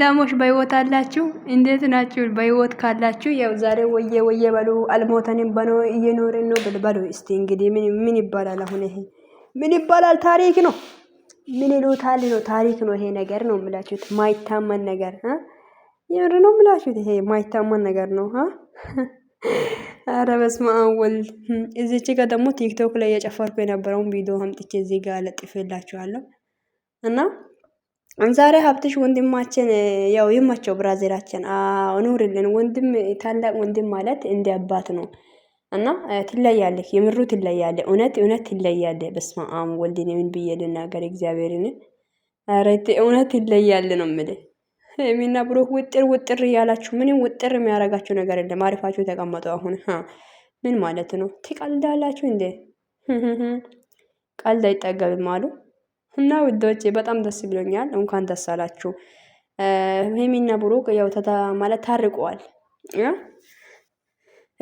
ላሞች በህይወት አላችሁ? እንዴት ናችሁ? በህይወት ካላችሁ ያው ዛሬ ወየ ወየ በሉ። አልሞተንም በኖ እየኖርን ነው ብል እስቲ እንግዲህ ምን ምን ይባላል? አሁን ይሄ ምን ይባላል? ታሪክ ነው። ምን ይሉታል? ነው ታሪክ ነው። ይሄ ነገር ነው ምላችሁት። ማይታመን ነገር የምር ነው ምላችሁት። ይሄ ማይታመን ነገር ነው። አረ በስመ አብ ወልድ። እዚች ጋር ደግሞ ቲክቶክ ላይ እየጨፈርኩ የነበረውን ቪዲዮ አምጥቼ እዚህ ጋር ለጥፌላችኋለሁ። እና ዛሬ ሀብትሽ ወንድማችን ያው ይማቸው ብራዚላችን ኑርልን። ወንድም ታላቅ ወንድም ማለት እንደ አባት ነው እና ትለያለህ፣ የምሩ ትለያለ፣ እውነት እውነት ትለያለ። በስመ አብ ወልድ ምን ብዬ ልናገር? እግዚአብሔርን ረት እውነት ትለያለ ነው ምል ሀይሚና ብሮ ውጥር ውጥር እያላችሁ ምንም ውጥር የሚያረጋችሁ ነገር የለም። አሪፋችሁ ተቀመጡ። አሁን ምን ማለት ነው? ትቀልዳላችሁ እንዴ? ቀልድ አይጠገብም አሉ። እና ውዶቼ በጣም ደስ ብሎኛል። እንኳን ደስ አላችሁ። ሀይሚና ብሩክ ያው ተታ ማለት ታርቀዋል።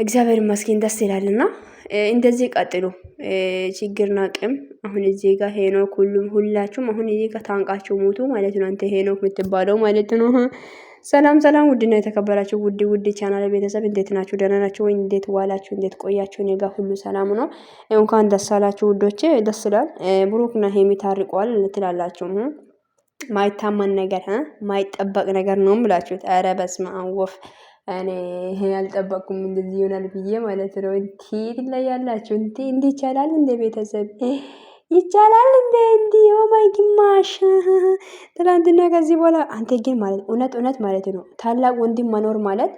እግዚአብሔር ይመስገን ደስ ይላልና እንደዚህ ቀጥሉ። ችግርና ቅም አሁን እዚህ ጋር ሄኖክ ሁሉም ሁላችሁም አሁን እዚህ ጋር ታንቃችሁ ሙቱ ማለት ነው። አንተ ሄኖክ የምትባለው ማለት ነው። ሰላም ሰላም ውድ ነው የተከበራችሁ ውድ ውድ ቻናል ቤተሰብ እንዴት ናችሁ? ደህና ናችሁ ወይ? እንዴት ዋላችሁ? እንዴት ቆያችሁ? እኔ ጋር ሁሉ ሰላም ነው። እንኳን ደስ አላችሁ ውዶቼ። ደስ ይላል። ብሩክና ሄሚ ታርቋል ትላላችሁ። ማይታመን ነገር ማይጠበቅ ነገር ነው ብላችሁት። ኧረ በስመ አብ ወፍ እኔ አልጠበቅኩም እንደዚህ ይሆናል ብዬ ማለት ነው። እንዲ ትለያላችሁ። እንዲ ይቻላል እንደ ቤተሰብ ይቻላል እንዴ እንዲ ኦማይ ግማሽ ትላንትና ከዚህ በኋላ አንተ ግን ማለት እውነት እውነት ማለት ነው ታላቅ ወንድም መኖር ማለት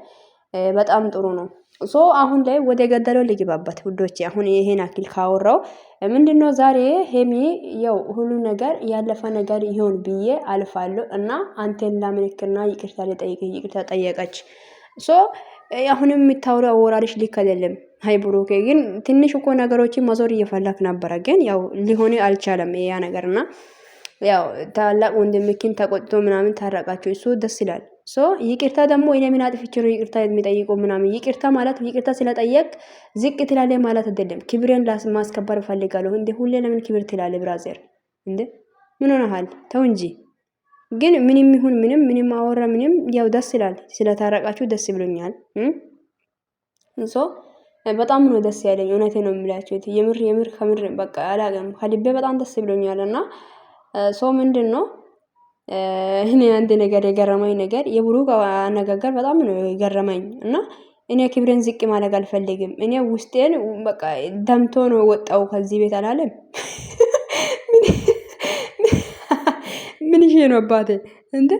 በጣም ጥሩ ነው። ሶ አሁን ላይ ወደ ገደለው ልግባበት ውዶች። አሁን ይሄን አክል ካወራው ምንድነው ዛሬ ሄሚ ያው ሁሉ ነገር ያለፈ ነገር ይሆን ብዬ አልፋለሁ እና አንተን ላመልክና ይቅርታ ልጠይቅ ይቅርታ ጠየቀች ሶ አሁንም የምታወሩ አወራሪሽ ልክ አይደለም። ሀይ ብሩኬ ግን ትንሽ እኮ ነገሮችን ማዞር እየፈለክ ነበረ፣ ግን ያው ሊሆን አልቻለም ያ ነገርና ያው ታላቅ ወንድምክን ተቆጥቶ ምናምን ታረቃቸው እሱ ደስ ይላል። ሶ ይቅርታ ደግሞ እኔ ምን አጥፍቼ ነው ይቅርታ የሚጠይቁ ምናምን? ይቅርታ ማለት ይቅርታ ስለጠየቅ ዝቅ ትላለ ማለት አይደለም። ክብሬን ማስከበር እፈልጋለሁ። እንዴ ሁሌ ለምን ክብር ትላለ? ብራዘር እንዴ ምን ሆነሃል? ተው እንጂ ግን ምንም ይሁን ምንም ምንም አወራ ምንም ያው ደስ ይላል። ስለታረቃችሁ ደስ ብሎኛል። እንሶ በጣም ነው ደስ ያለኝ። እውነቴ ነው የምላችሁት። የምር የምር ከምር በቃ አላገም ከልቤ በጣም ደስ ብሎኛል። እና ሶ ምንድን ነው እኔ አንድ ነገር የገረመኝ ነገር የብሩክ አነጋገር በጣም ነው የገረመኝ እና እኔ ክብሬን ዝቅ ማድረግ አልፈልግም። እኔ ውስጤን በቃ ደምቶ ነው ወጣው ከዚህ ቤት አላለም ምን ይሄ ነው አባቴ እንዴ?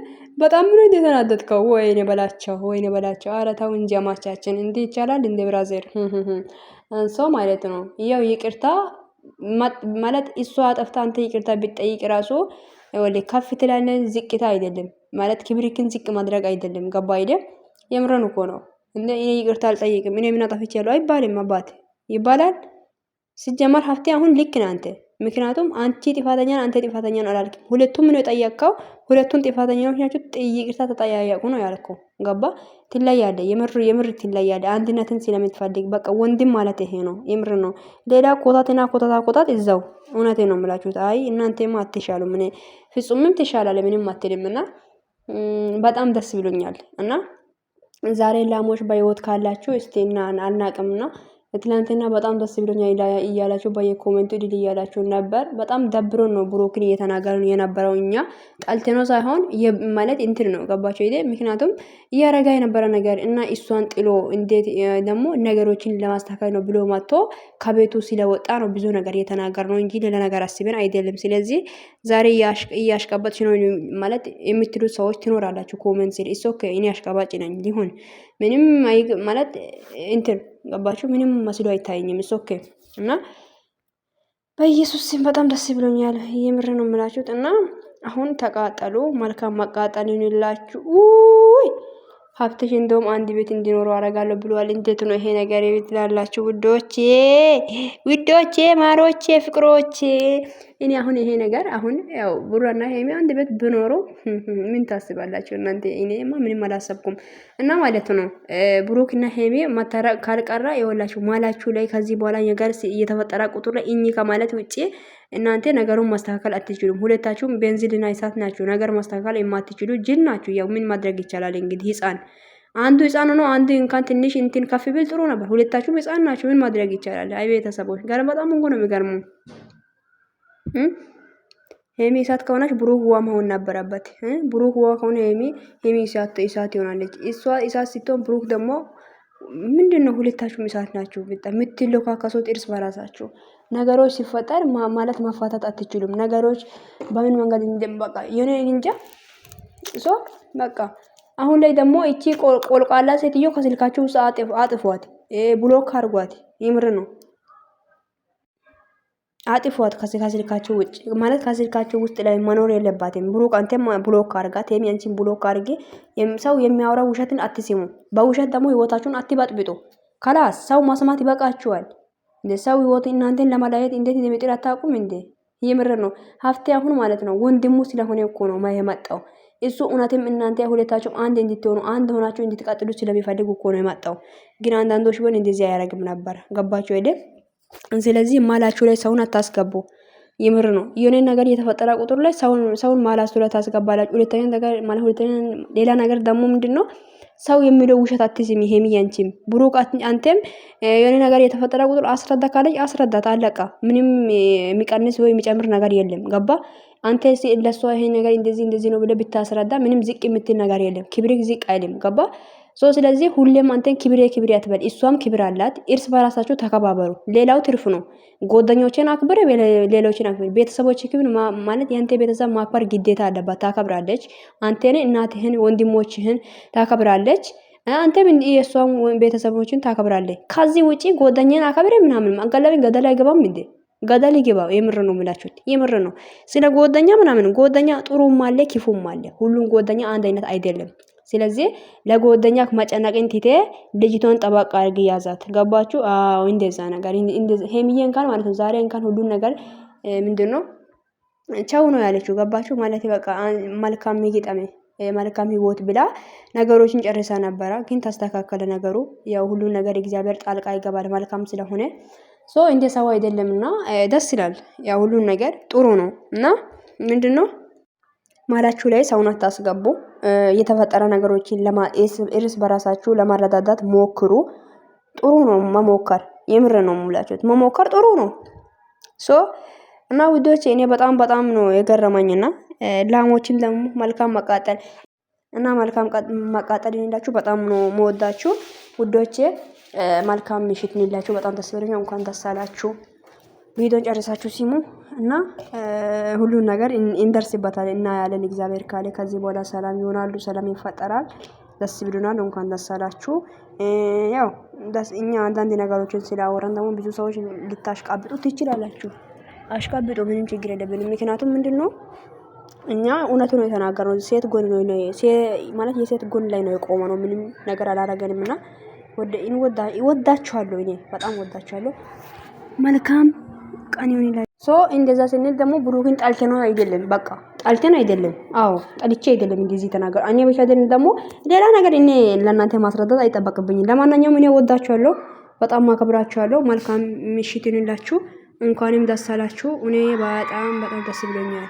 በጣም ምን እንዴ ተናደድከው? ወይኔ በላቸው፣ ወይኔ በላቸው። ኧረ ተው እንጂ አማቻችን ይቻላል እንዴ? ብራዘር እንሶ ማለት ነው ያው ይቅርታ ማለት እሷ አጠፍታ አንተ ይቅርታ ቢጠይቅ ራሱ ወለ ከፍ ትላለን። ዝቅታ አይደለም ማለት ክብሪክን ዝቅ ማድረግ አይደለም። ገባ አይደል? የምረን እኮ ነው እንደ እኔ ይቅርታ አልጠይቅም እኔ ምን አጠፍቼ ያለው አይባልም። አባት ይባላል ሲጀመር ሀፍቴ አሁን ልክ ነህ አንተ ምክንያቱም አንቺ ጥፋተኛን አንተ ጥፋተኛን አላልክም። ሁለቱም ነው የጠየቀው። ሁለቱን ጥፋተኛዎች ናቸው። ጥይቅርታ ተጠያያቁ ነው ያልከው። ገባ ትለያለ። የምር የምር ትለያለ። አንድነትን ስለምትፈልግ በቃ ወንድም ማለት ይሄ ነው። የምር ነው። ሌላ ኮታትና ኮታታ ኮታት እዛው እውነቴ ነው የምላችሁት። አይ እናንተማ አትሻሉ ምን ፍጹምም ትሻላለ። ምንም አትልም። እና በጣም ደስ ብሎኛል እና ዛሬ ላሞች በህይወት ካላችሁ እስቲ እና አልናቅምና ትላንትና በጣም ደስ ብሎኛል እያላችሁ በየኮሜንቱ ድል እያላችሁ ነበር። በጣም ደብሮ ነው ብሩክን እየተናገረ የነበረው እኛ ጠልትኖ ሳይሆን ማለት እንትን ነው ገባቸው ይ ምክንያቱም እያረጋ የነበረ ነገር እና እሷን ጥሎ እንዴት ደግሞ ነገሮችን ለማስተካከል ነው ብሎ መጥቶ ከቤቱ ስለወጣ ነው ብዙ ነገር እየተናገር ነው እንጂ ሌላ ነገር አስበን አይደለም። ስለዚህ ዛሬ እያሽቀበጥሽ ነው ማለት የምትሉት ሰዎች ትኖራላችሁ ኮሜንት እሶ እኔ አሽቀባጭ ነኝ ሊሆን ምንም ማለት እንትን ገባችሁ፣ ምንም መስሎ አይታየኝም። ሶኬ እና በኢየሱስ ስም በጣም ደስ ብሎኛል። የምር ነው የምላችሁት። እና አሁን ተቃጠሉ፣ መልካም መቃጠል ይሁንላችሁ። ሀብትሽ እንደውም አንድ ቤት እንዲኖሩ አረጋለሁ ብለዋል። እንዴት ነው ይሄ ነገር ትላላችሁ? ውዶቼ፣ ውዶቼ፣ ማሮቼ፣ ፍቅሮቼ እኔ አሁን ይሄ ነገር አሁን ያው ቡራና ሄሜ አንድ ቤት ብኖሩ ምን ታስባላችሁ እናንተ? ማ ምንም አላሰብኩም። እና ማለት ነው ብሩክና ሄሜ ማታረቅ ካልቀራ የወላችሁ ማላችሁ ላይ ከዚህ በኋላ ነገር እየተፈጠረ ቁጥር ላይ እኚህ ከማለት ውጭ እናንተ ነገሩን ማስተካከል አትችሉም። ሁለታችሁም ቤንዚልና እሳት ናችሁ። ነገር ማስተካከል የማትችሉ ጅን ናችሁ። ያው ምን ማድረግ ይቻላል እንግዲህ ህፃን አንዱ ህፃን ነው። አንዱ እንኳን ትንሽ እንትን ከፍ ጥሩ ነበር። ሁለታችሁም ህፃን ናቸው ምን ማድረግ ይቻላል? አይ ቤተሰቦች ጋር በጣም እንጎ ነው የሚገርመው? ሄሚ እሳት ከሆነች ብሩህ ዋ መሆን ነበረበት። ብሩህ ዋ ከሆነ ሄሚ ሄሚ እሳት እሳት ይሆናለች። እሷ እሳት ስትሆን ብሩህ ደግሞ ምንድን ነው? ሁለታችሁም እሳት ናችሁ። የምትለካከሱት እርስ በራሳችሁ ነገሮች ሲፈጠር ማለት ማፋታት አትችሉም። ነገሮች በምን መንገድ በቃ የሆነ እንጃ ሶ በቃ አሁን ላይ ደግሞ እቺ ቆልቋላ ሴትዮ ከስልካችሁ ውስጥ አጥፏት፣ ብሎክ አርጓት። ይምር ነው አጥፏት ከስልካቸው ውጭ ማለት ከስልካቸው ውስጥ ላይ መኖር የለባትም። ብሎክ አንተ ብሎክ አርጋ የሚ አንቺን ብሎክ አርጌ ሰው የሚያወራው ውሸትን አትስሙ። በውሸት ደግሞ ህይወታችሁን አትበጥብጡ። ከላስ ሰው ማስማት ይበቃችኋል። ሰው ህይወት እናንተን ለመለየት እንዴት እንደሚጥር አታውቁም እንዴ? የምር ነው። ሀፍቴ አሁን ማለት ነው ወንድሙ ስለሆነ እኮ ነው የመጣው እሱ እውነትም እናንተ ሁለታችሁ አንድ እንድትሆኑ አንድ ሆናችሁ እንድትቀጥሉ ስለሚፈልግ እኮ ነው የመጣው። ግን አንዳንዶች ቢሆን እንደዚህ አያደርግም ነበር። ገባችሁ አይደል? ስለዚህ ማላችሁ ላይ ሰውን አታስገቡ። የምር ነው የሆነ ነገር የተፈጠረ ቁጥር ላይ ሰውን ሰውን ማላችሁ ላይ ታስገባላችሁ። ሁለተኛ ነገር ማለት ሁለተኛ ሌላ ነገር ደግሞ ምንድን ነው? ሰው የሚለው ውሸት አትስሚ። ይሄም ያንቺም ብሩቅ አንተም የሆነ ነገር የተፈጠረ ቁጥር አስረዳ ካለች አስረዳት። አለቃ ምንም የሚቀንስ ወይ የሚጨምር ነገር የለም። ገባ አንተ ለሷ ይሄ ነገር እንደዚህ እንደዚህ ነው ብለህ ብታስረዳ ምንም ዝቅ የምትል ነገር የለም። ክብር ዝቅ አይልም። ገባ ሶ ስለዚህ ሁሌም አንተን ክብሬ ክብሬ አትበል። እሷም ክብር አላት። እርስ በራሳችሁ ተከባበሩ። ሌላው ትርፍ ነው። ጓደኞችን አክብር፣ ሌሎችን አክብር። ቤተሰቦች ክብር ማለት የአንተ ቤተሰብ ማክበር ግዴታ አለባት። ታከብራለች። አንተን፣ እናትህን፣ ወንድሞችህን ታከብራለች። አንተም የእሷም ቤተሰቦችን ታከብራለች። ከዚህ ውጪ ጓደኛን አከብሬ ምናምን አንቀለብን ገደል አይገባም እንዴ? ገደል ይግባው። የምር ነው የምላችሁት፣ የምር ነው። ስለ ጓደኛ ምናምን ጓደኛ ጥሩም አለ ክፉም አለ። ሁሉም ጓደኛ አንድ አይነት አይደለም። ስለዚህ ለጎደኛ መጨነቅን ትቴ ልጅቷን ጠባቅ አድርግ ያዛት። ገባችሁ? አዎ እንደዛ ነገር ሄሚዬ እንኳን ማለት ነው ዛሬ እንኳን ሁሉን ነገር ምንድን ነው ቸው ነው ያለችው። ገባችሁ? ማለት በቃ መልካም ይግጠም መልካም ህይወት ብላ ነገሮችን ጨርሳ ነበረ። ግን ተስተካከለ ነገሩ። ያው ሁሉን ነገር እግዚአብሔር ጣልቃ ይገባል መልካም ስለሆነ ሶ እንደ ሰው አይደለም እና ደስ ይላል። ያ ሁሉን ነገር ጥሩ ነው እና ምንድን ነው ማላችሁ ላይ ሰውን አታስገቡ። የተፈጠረ ነገሮችን እርስ በራሳችሁ ለማረዳዳት ሞክሩ። ጥሩ ነው መሞከር፣ የምር ነው ሙላችሁት መሞከር ጥሩ ነው። ሶ እና ውዶች እኔ በጣም በጣም ነው የገረመኝና ላሞችን ደግሞ መልካም መቃጠል እና መልካም መቃጠል ይሁንላችሁ። በጣም ነው መወዳችሁ ውዶቼ። መልካም ምሽት ንላችሁ። በጣም ደስ ብሎኛል። እንኳን ደስ አላችሁ። ቪዲዮን ጨርሳችሁ ሲሙ እና ሁሉን ነገር እንደርስበታል እና ያለን እግዚአብሔር ካለ ከዚህ በኋላ ሰላም ይሆናሉ፣ ሰላም ይፈጠራል። ደስ ብሎናል። እንኳን ደስ አላችሁ። ያው እኛ አንዳንድ ነገሮችን ስለአወረን ደግሞ ብዙ ሰዎች ልታሽቃብጡ ትችላላችሁ። አሽቃብጡ፣ ምንም ችግር የለብንም። ምክንያቱም ምንድን ነው እኛ እውነቱ ነው የተናገርነው። ሴት ጎን ነው ማለት የሴት ጎን ላይ ነው የቆመ ነው። ምንም ነገር አላረገንም እና እወዳችኋለሁ። እኔ በጣም እወዳችኋለሁ። መልካም ቀን ይሁን ሶ እንደዛ ስንል ደግሞ ብሩክን ጣልተን አይደለም፣ በቃ ጣልተን አይደለም። አዎ ጣልቼ አይደለም እንደዚህ ተናገሩ። እኔ ብቻ ደግሞ ሌላ ነገር እኔ ለእናንተ ማስረዳት አይጠበቅብኝም። ለማናኛውም እኔ እወዳችኋለሁ፣ በጣም አከብራችኋለሁ። መልካም ምሽት ይሁንላችሁ። እንኳንም ደስ አላችሁ። እኔ በጣም በጣም ደስ ብሎኛል።